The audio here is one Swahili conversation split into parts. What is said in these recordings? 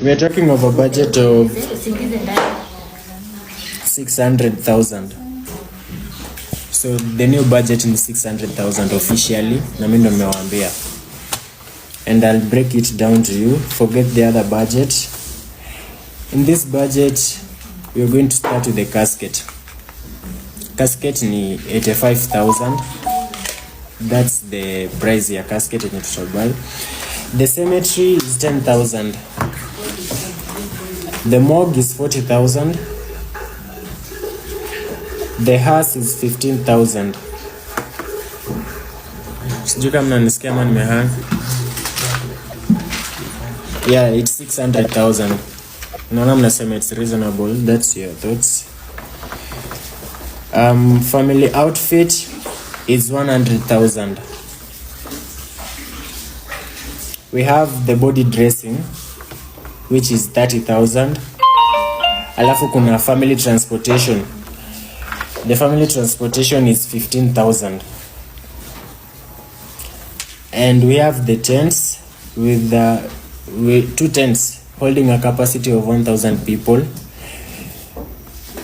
We are talking of a budget of 600,000. So the new budget ni 600,000 officially, na mimi ndo nimewaambia. And I'll break it down to you. Forget the other budget. In this budget, we are going to start with the casket. Casket ni 85,000. That's the price ya casket yenye tutabuy. The cemetery is 10,000. The mog is 40,000. The hearse is 15,000. Sijui kama mnanisikia ama nimehang. Yeah, it's 600,000. Naona mnasema it's reasonable. That's your thoughts. Um, family outfit is 100,000. We have the body dressing which is 30000 alafu kuna family transportation the family transportation is 15000 and we have the tents with the with two tents holding a capacity of 1000 people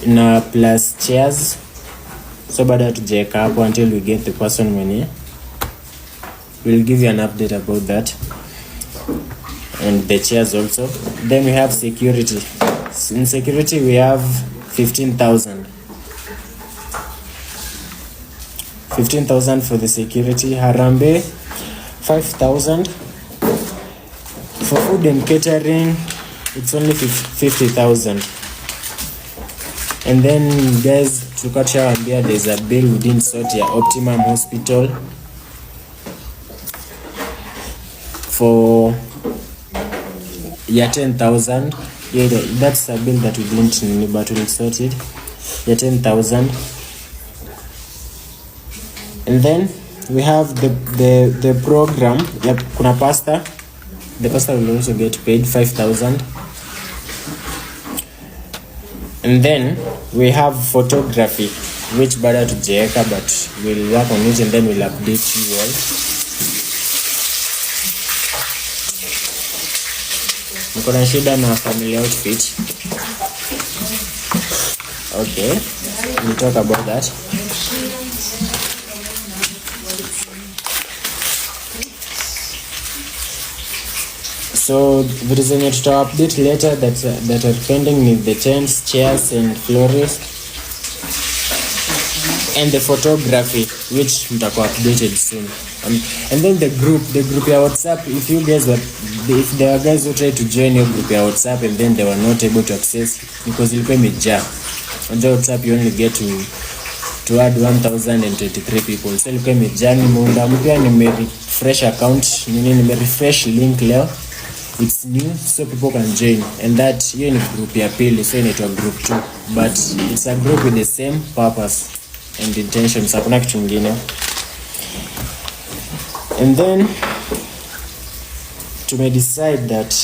na plus chairs so baada tujaeka hapo until we get the person mwenye we'll give you an update about that and the chairs also. Then we have security. In security we have 15,000. 15,000 for the security. harambe 5,000. For food and catering it's only 50,000. And then guys, tukachawambia there's a bill we didn't sort ya Optimum Hospital for ya 10,000 yeah, that's a bill that we didn't need but we'll sort it ya 10,000 and then we have the the the program yep, kuna pasta the pasta will also get paid 5000 and then we have photography which bado tujiweka but we'll work on it and then we'll update you all niko na shida na family outfit. Okay, we'll talk about that. So vitu zenye tuta update later that, that are pending ni the tents, chairs and florist and the photography which mtakuwa updated soon um, and then the group the group ya whatsapp if you guys were if there were guys who tried to join your group ya whatsapp and then they were not able to access because ilikuwa imejaa the whatsapp you only get to to add 1023 people so ilikuwa imejaa nimeunda mpya refresh account nini refresh link leo it's new so people can join and that hiyo ni group ya pili so inaitwa group 2 but it's a group with the same purpose and intentions, hakuna kitu kingine. And then tume decide that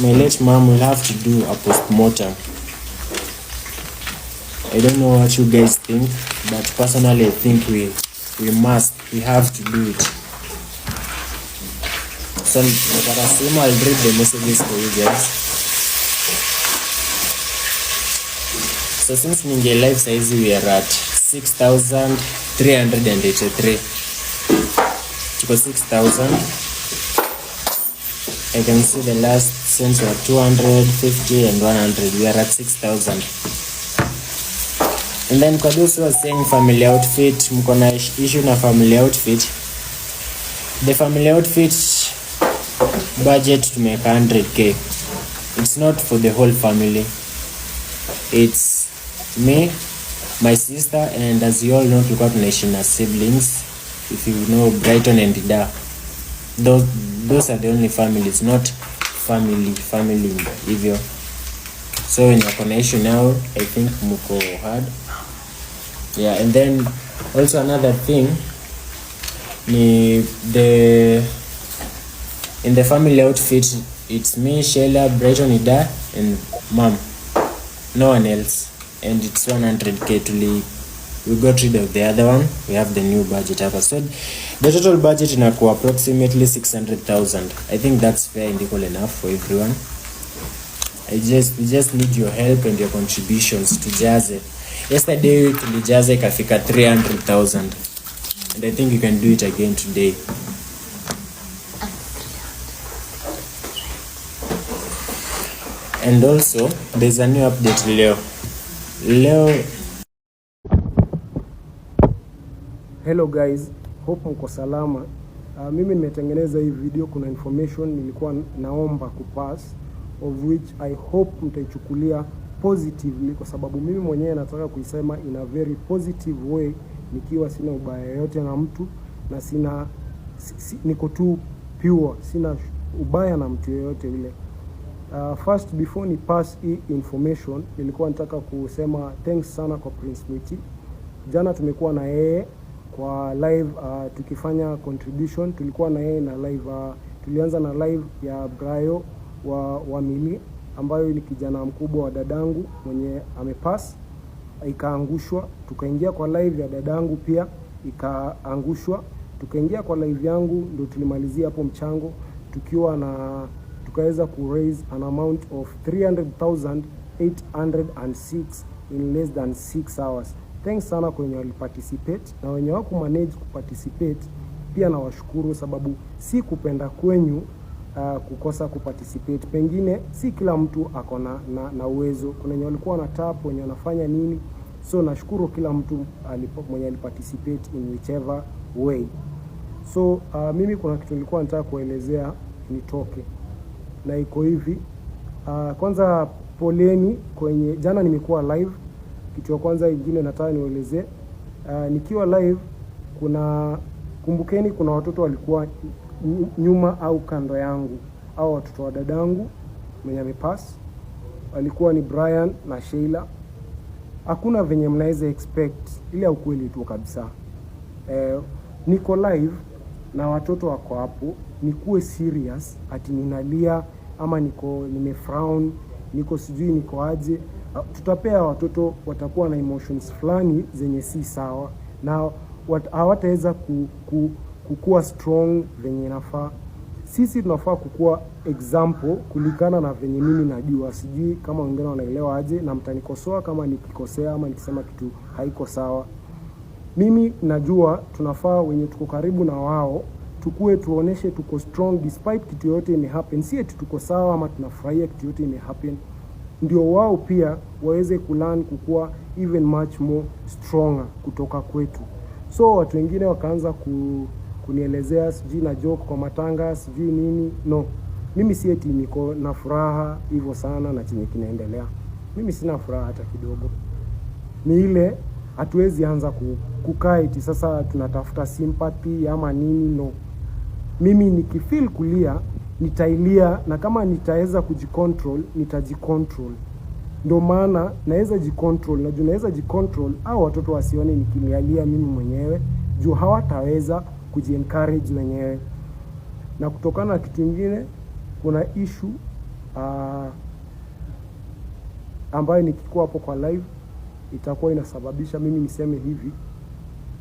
my late mom will have to do a postmortem. I don't know what you guys think, but personally I think we we must, we have to do it. So I'll read the messages for you guys. So since ninge live size we are at 6383 tuko 6000 I can see the last cents were 250 and 100 we are at 6000 and then Kadusi was saying family outfit mko na issue na family outfit the family outfit budget tumeweka 100k it's not for the whole family it's me my sister and as you all know tulikuwa tunaishi siblings if you know Brighton and Da those, those are the only families not family family hivyo so wenye wako I think muko hard yeah and then also another thing ni the in the family outfit it's me Sheila Brighton Ida and mam no one else and it's 100k tuli we got rid of the other one we have the new budget hapa so the total budget inakuwa approximately 600,000 i think that's fair and equal enough for everyone i just we just need your help and your contributions tujaze yesterday tulijaza ikafika 300,000 and i think you can do it again today and also there's a new update leo Leo hello guys, hope mko salama. Uh, mimi nimetengeneza hii video, kuna information nilikuwa naomba kupass of which I hope mtaichukulia positively, kwa sababu mimi mwenyewe nataka kuisema in a very positive way, nikiwa sina ubaya yoyote na mtu na sina si, si, niko tu pure, sina ubaya na mtu yoyote ile. Uh, first before ni pass hii information nilikuwa nataka kusema thanks sana kwa Prince Mwiti. Jana tumekuwa na yeye kwa live uh, tukifanya contribution tulikuwa na yeye na live uh, tulianza na live ya Brayo wa, wa mili ambayo ni kijana mkubwa wa dadangu mwenye amepass ikaangushwa, tukaingia kwa live ya dadangu pia ikaangushwa, tukaingia kwa live yangu, ndio tulimalizia hapo mchango tukiwa na tukaweza ku raise an amount of 300,806 in less than 6 hours. Thanks sana kwa wenye waliparticipate na wenye wako manage kuparticipate pia nawashukuru, sababu si kupenda kwenyu uh, kukosa kuparticipate. Pengine si kila mtu ako na, na, na uwezo. Kuna wenye walikuwa na tap, wenye wanafanya nini, so nashukuru kila mtu alipo, mwenye aliparticipate in whichever way. So uh, mimi kuna kitu nilikuwa nataka kuelezea nitoke na iko hivi. Uh, kwanza poleni kwenye jana, nimekuwa live. Kitu ya kwanza ingine nataka nielezee, uh, nikiwa live kuna kumbukeni, kuna watoto walikuwa nyuma au kando yangu, au watoto wa dadangu mwenye amepass, walikuwa ni Brian na Sheila. Hakuna venye mnaweza expect ile ukweli tu kabisa. Eh, niko live na watoto wako hapo, nikuwe serious ati ninalia ama niko nimefrown, niko sijui niko aje, ah, tutapea watoto watakuwa na emotions fulani zenye si sawa, na hawataweza ku, ku, kukua strong venye nafaa Sisi tunafaa kukuwa example kulingana na venye mimi najua. Sijui kama wengine wanaelewa aje, na mtanikosoa kama nikikosea ama nikisema kitu haiko sawa. Mimi najua tunafaa wenye tuko karibu na wao tukue tuoneshe tuko strong despite kitu yote ime happen, si eti tuko sawa ama tunafurahia kitu yote ime happen, ndio wao pia waweze kulan kukua even much more stronger kutoka kwetu. So watu wengine wakaanza ku, kunielezea sijui na joke kwa matanga sijui nini. No, mimi si eti niko na furaha hivyo sana na chenye kinaendelea, mimi sina furaha hata kidogo. Ni ile hatuwezi anza kukaa eti sasa tunatafuta sympathy ama nini, no mimi nikifil kulia nitailia, na kama nitaweza kujicontrol nitajicontrol. ndo maana naweza jicontrol na juu naweza jicontrol, au watoto wasione nikinialia mimi mwenyewe, juu hawataweza kujiencourage wenyewe. Na kutokana na kitu ingine, kuna issue uh, ambayo nikikuwa hapo kwa live itakuwa inasababisha mimi niseme hivi.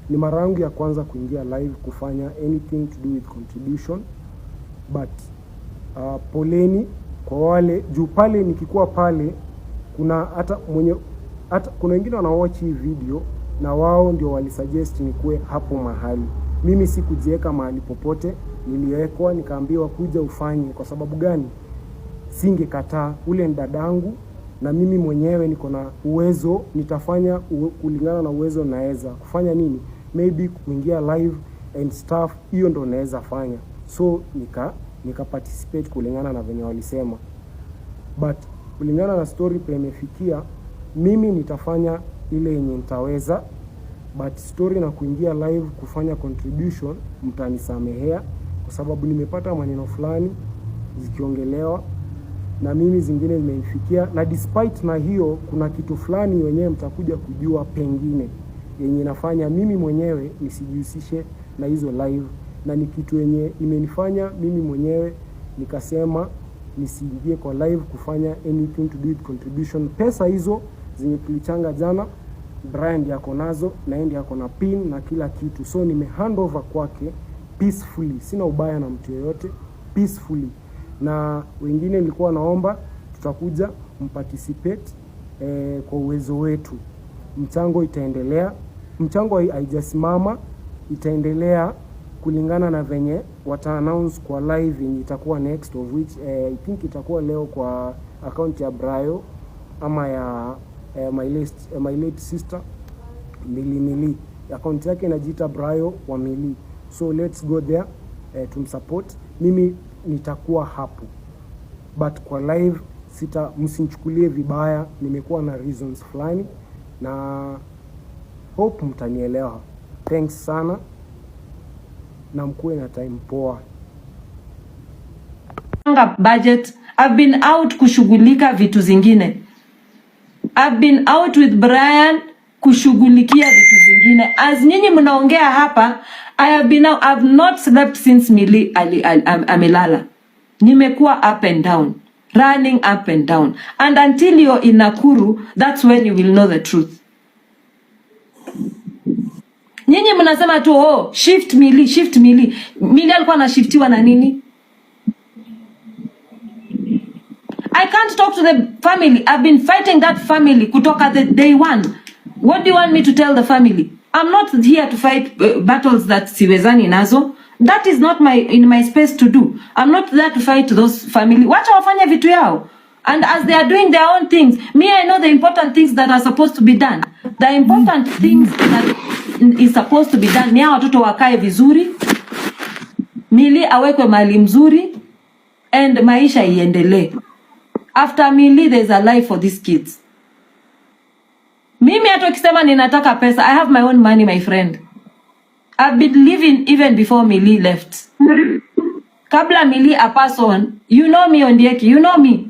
Ni mara yangu ya kwanza kuingia live kufanya anything to do with contribution but uh, poleni kwa wale juu pale, nikikuwa pale kuna hata mwenye hata kuna wengine wanawatch hii video na wao ndio walisuggest nikuwe hapo mahali. Mimi sikujiweka mahali popote, niliwekwa nikaambiwa kuja ufanye. Kwa sababu gani? Singekataa, ule ni dadangu na mimi mwenyewe niko na uwezo, nitafanya kulingana na uwezo naweza kufanya nini maybe kuingia live and stuff, hiyo ndo naweza fanya. So nika nika participate kulingana na venye walisema, but kulingana na story pe imefikia, mimi nitafanya ile yenye nitaweza, but story na kuingia live kufanya contribution, mtanisamehea kwa sababu nimepata maneno fulani zikiongelewa na mimi zingine zimenifikia, na despite na hiyo, kuna kitu fulani wenyewe mtakuja kujua pengine yenye inafanya mimi mwenyewe nisijihusishe na hizo live, na ni kitu yenye imenifanya mimi mwenyewe nikasema nisiingie kwa live kufanya anything to do with contribution. Pesa hizo zenye tulichanga jana, Brian yako nazo na yeye yako na pin na kila kitu, so nime handover kwake peacefully, sina ubaya na mtu yeyote, peacefully. Na wengine nilikuwa naomba tutakuja mparticipate eh, kwa uwezo wetu mchango itaendelea, mchango haijasimama, itaendelea kulingana na venye wata announce kwa live yenye itakuwa next of which eh, I think itakuwa leo kwa akaunti ya Brayo ama ya eh, my list, eh, my late sister Mili Mili, akaunti yake inajiita Brayo wa Mili, so let's go there eh, tumsupport. Mimi nitakuwa hapo but kwa live sita, msinchukulie vibaya, nimekuwa na reasons fulani na hope mtanielewa. Thanks sana na mkuwe na time poa. Budget. I've been out kushughulika vitu zingine. I've been out with Brian kushughulikia vitu zingine. As nyinyi mnaongea hapa, I have been out, I've not slept since Milly amelala. Nimekuwa up and down running up and down and until you're in Nakuru that's when you will know the truth. Nyinyi mnasema tu oh, shift Mili, shift Mili. Mili alikuwa anashiftiwa na nini? I can't talk to the family. I've been fighting that family kutoka the day one. What do you want me to tell the family? I'm not here to fight uh, battles that siwezani nazo that is not my in my space to do. I'm not there to fight those family. Wacha wafanye vitu yao. And as they are doing their own things, me I know the important things that are supposed to be done. The important things that is supposed to be done ni watoto wakae vizuri, Mili awekwe mali mzuri and maisha iendelee. After Mili there's a life for these kids. Mimi hata ukisema ninataka pesa, I have my own money my friend. I've been living even before Mili left. Kabla Mili a person, you know me Ondieki, you know me.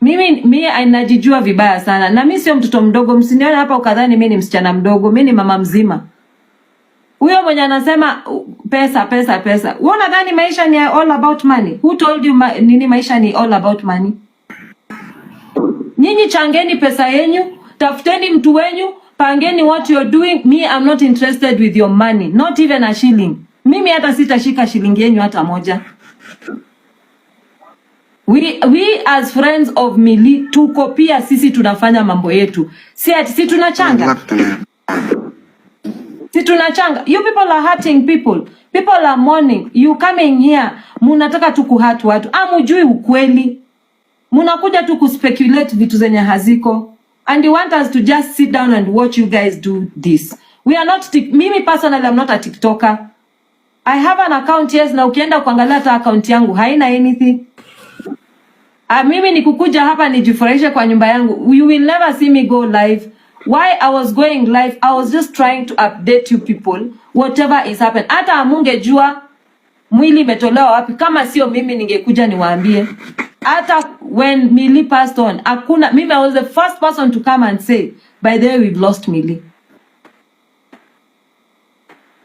Mimi mie anajijua vibaya sana na mimi sio mtoto mdogo, msinione hapa ukadhani mimi ni msichana mdogo, mimi ni mama mzima. Huyo mwenye anasema pesa pesa pesa. Wewe unadhani maisha ni all about money? Who told you ma nini maisha ni all about money? Nyinyi changeni pesa yenyu, tafuteni mtu wenyu pangeni what you're doing, me I'm not interested with your money, not even a shilling. Mimi hata sitashika shilingi yenu hata moja. We, we as friends of Mili tuko pia sisi tunafanya mambo yetu, si ati si tunachanga si tunachanga. You people are hurting people, people are mourning. You coming here munataka tu kuhatu watu, amujui ukweli, munakuja tu kuspekulate vitu zenye haziko and you want us to just sit down and watch you guys do this. We are not mimi personally I'm not a TikToker. I have an account yes, na ukienda kuangalia hata account yangu haina anything. Ah, mimi kukuja hapa nijifurahishe kwa nyumba yangu. You will never see me go live. Why I was going live, I was just trying to update you people whatever is happen. Hata amungejua mwili imetolewa wapi kama sio mimi ningekuja niwaambie hata when Millie passed on, hakuna mimi, I was the first person to come and say by the way we've lost Millie.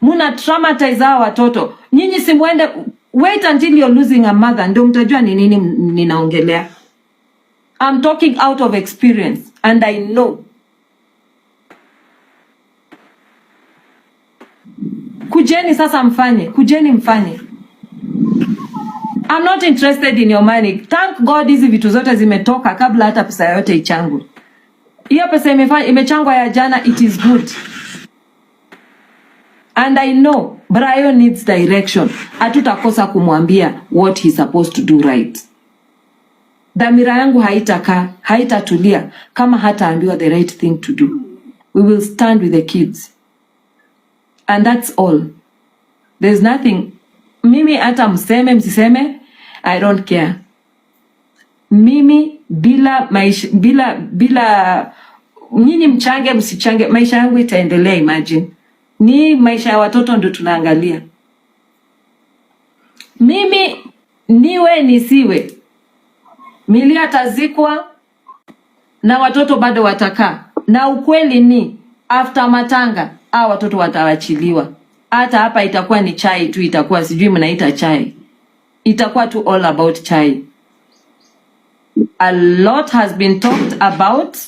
Muna traumatize hawa watoto nyinyi, simwende wait until you're losing a mother ndio mtajua ni nini ninaongelea. I'm talking out of experience and I know Kujeni sasa mfanye, kujeni mfanye. I'm not interested in your money. Thank God hizi vitu zote zimetoka kabla hata pesa yote ichangwe. Hiyo pesa imefanya imechangwa ya jana, it is good. And I know Brian needs direction. Hatutakosa kumwambia what he's supposed to do right. Dhamira yangu haitaka haitatulia kama hataambiwa the right thing to do. We will stand with the kids. And that's all. There's nothing mimi hata mseme msiseme, I don't care. Mimi bila maisha, bila bila nyinyi mchange msichange, maisha yangu itaendelea. Imagine ni maisha ya watoto ndio tunaangalia. Mimi niwe nisiwe, mili atazikwa na watoto bado watakaa, na ukweli ni after matanga, hao watoto watawachiliwa. Hata hapa itakuwa ni chai tu, itakuwa sijui mnaita chai, itakuwa tu all about chai. A lot has been talked about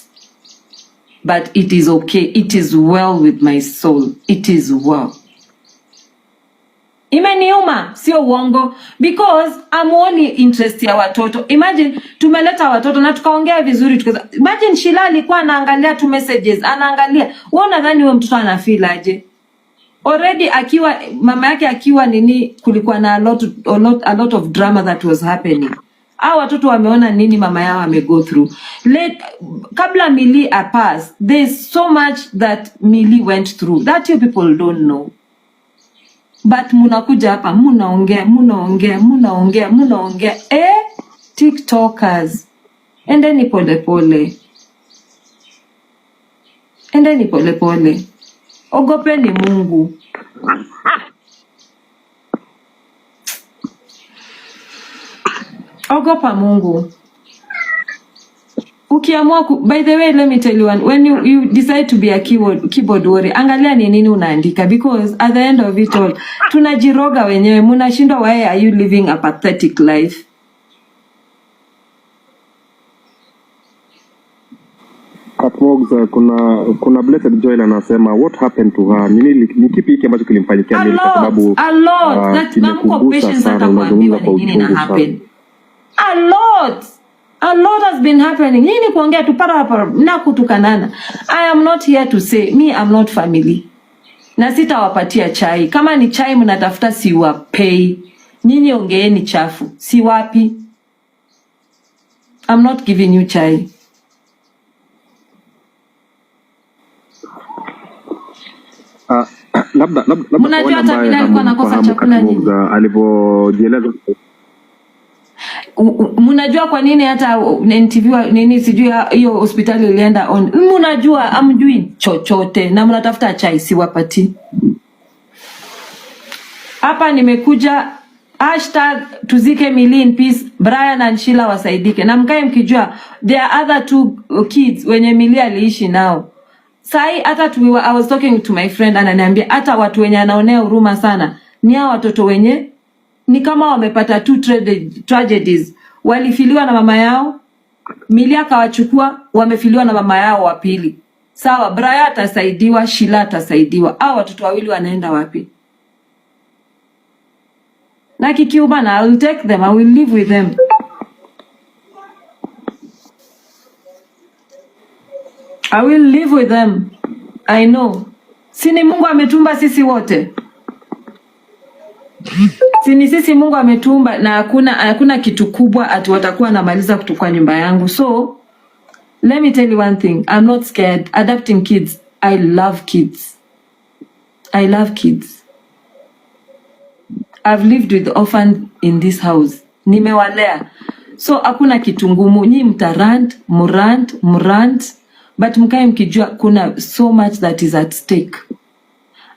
but it is okay, it is well with my soul, it is well. Imeniuma, sio uongo, because I'm only interest ya watoto. Imagine tumeleta watoto na tukaongea vizuri, tukaza imagine Shila alikuwa anaangalia tu messages, anaangalia wewe, unadhani huyo mtoto anafeel aje? already akiwa mama yake akiwa nini, kulikuwa na a lot, a lot, a lot of drama that was happening. Hawa watoto wameona nini mama yao ame go through. Let, kabla Mili a pass, there's so much that Mili went through that you people don't know. But munakuja hapa munaongea munaongea munaongea munaongea eh, TikTokers. Endeni polepole, endeni polepole. Ogopeni Mungu. Ogopa Mungu. Ukiamua ku, by the way let me tell you one, when you, you decide to be a keyboard, keyboard warrior, angalia ni nini unaandika because at the end of it all tunajiroga wenyewe, munashindwa why are you living a pathetic life? kuna kuna Blessed Joel anasema what happened to her, nini ni kipi hiki ambacho kilimfanyikia mimi Kwa sababu a ah, kimekugusa sana, unazungumza kwa na happen A lot a lot has been happening. Hii ni kuongea tu para para na kutukanana. I am not here to say me I'm not family, na sitawapatia chai. Kama ni chai mnatafuta, siwapei nyinyi. Ongeeni chafu, siwapi. I'm not giving you chai. Uh, labda labda mnajua hata Bilal alikuwa anakosa chakula nyingi alivyojieleza mnajua kwa nini hata NTV nini sijui hiyo hospitali ilienda on. Mnajua amjui chochote na mnatafuta chai siwapati. Hapa nimekuja hashtag tuzike Millie in peace, Brian and Sheila wasaidike, na mkae mkijua there are other two kids wenye Millie aliishi nao sai hata I was talking to my friend ananiambia hata watu wenye anaonea huruma sana ni hao watoto wenye ni kama wamepata two tragedies, walifiliwa na mama yao, mili akawachukua, wamefiliwa na mama yao wa pili. Sawa, Braya atasaidiwa, Shila atasaidiwa, hao watoto wawili wanaenda wapi? Na kikiuma na I will take them, I will live with them. I will live with them. I know. Si ni Mungu ametumba sisi wote, si ni sisi Mungu ametumba, na hakuna hakuna kitu kubwa ati watakuwa namaliza kutukua nyumba yangu. So let me tell you one thing, I'm not scared adopting kids. I love kids. I love kids. I've lived with orphan in this house. Nimewalea, so hakuna kitu ngumu. Nyi mtarant murant murant but mkae mkijua kuna so much that is at stake.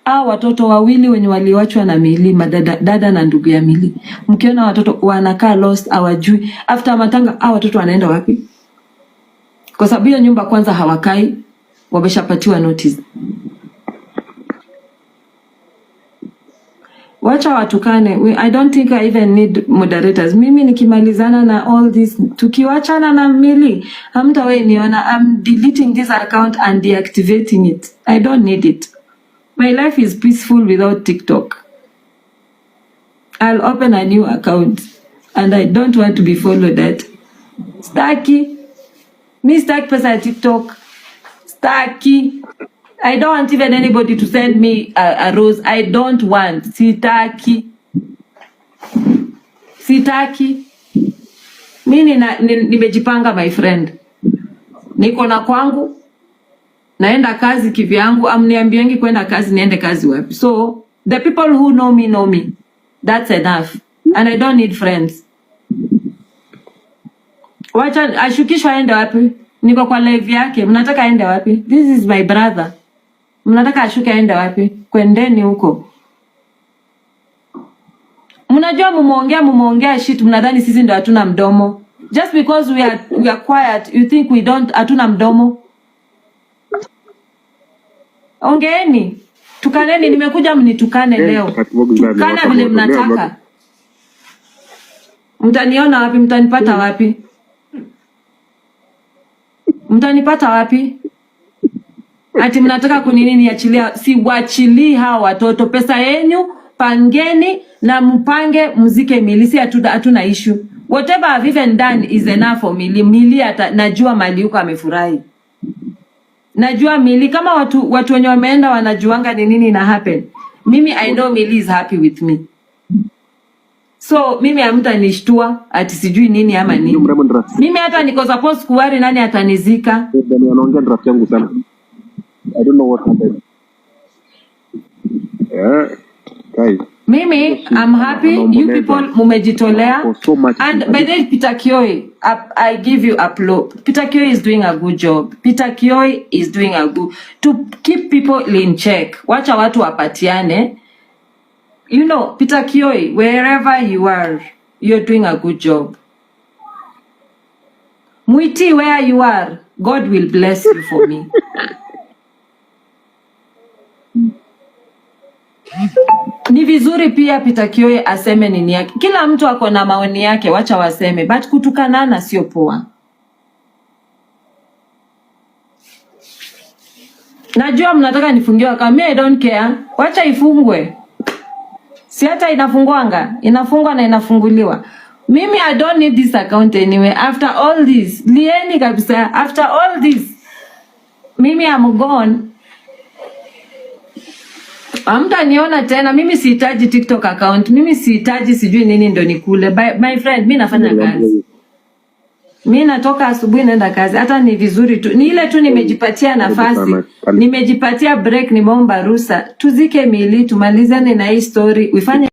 Aa, watoto wawili wenye waliwachwa na Mili, madada, dada na ndugu ya Mili, mkiona watoto wanakaa lost, hawajui after matanga, aa, watoto wanaenda wapi? Kwa sababu hiyo nyumba kwanza hawakai, wameshapatiwa notice. wacha watukane. I don't think I even need moderators. Mimi nikimalizana na all this, tukiwachana na Milly, hamtawahi niona. I'm deleting this account and deactivating it. I don't need it. My life is peaceful without TikTok. I'll open a new account and I don't want to be followed at. Staki. Mi staki pesa ya TikTok. Staki. I don't even anybody to send me a, a rose. I don't want. Sitaki. Sitaki. Mimi nimejipanga my friend. Niko na kwangu. Naenda kazi kivyangu. Amniambiengi kwenda kazi niende kazi wapi. So the people who know me know me. That's enough. And I don't need friends. Wacha ashukishwa aende wapi? Niko kwa live yake. Mnataka aende wapi? This is my brother mnataka ashuke aende wapi? Kwendeni huko. Mnajua mumeongea mumeongea shit, mnadhani sisi ndo hatuna mdomo. Just because we are, we are quiet you think we don't, hatuna mdomo? Ongeeni, tukaneni. Nimekuja mnitukane leo, tukana vile mnataka. Mtaniona wapi? Mtanipata wapi? Mtanipata wapi? Ati mnataka kuninini? Achilia, siwachilii hawa watoto, pesa yenu pangeni na mpange mzike mili, si hatuna ishu. Whatever I've even done is enough for Mili. Mili ata, najua mali yuko amefurahi, najua Mili kama watu watu wenye wameenda wanajuanga ni nini na happen. Mimi I know Mili is happy with me, so mimi amta nishtua ati sijui nini ama nini. Mimi hata niko suppose kuwari nani atanizika. Ndio anaongea draft yangu sana. I don't know what happened. Yeah. Guys. Mimi I'm happy you people mumejitolea so and by the way Peter Kioi I, I give you upload Peter Kioi is doing a good job Peter Kioi is doing a good to keep people in check wacha watu wapatiane you know Peter Kioi wherever you are you're doing a good job Mwiti where you are God will bless you for me Ni vizuri pia Peter Kioe aseme nini yake. Kila mtu ako na maoni yake, wacha waseme, but kutukanana sio poa. Najua mnataka nifungiwe kama I don't care. Wacha ifungwe, si hata inafungwanga, inafungwa na inafunguliwa. Mimi I don't need this account anyway. After all this, lieni kabisa. After all this, mimi I'm gone niona tena mimi, sihitaji TikTok account, mimi sihitaji sijui nini ndo nikule. By, my friend, mi nafanya kazi, mi natoka asubuhi naenda kazi. Hata ni vizuri tu ni ile tu nimejipatia nafasi, nimejipatia break, nimeomba ruhusa, tuzike mili, tumalizane na hii story, uifanye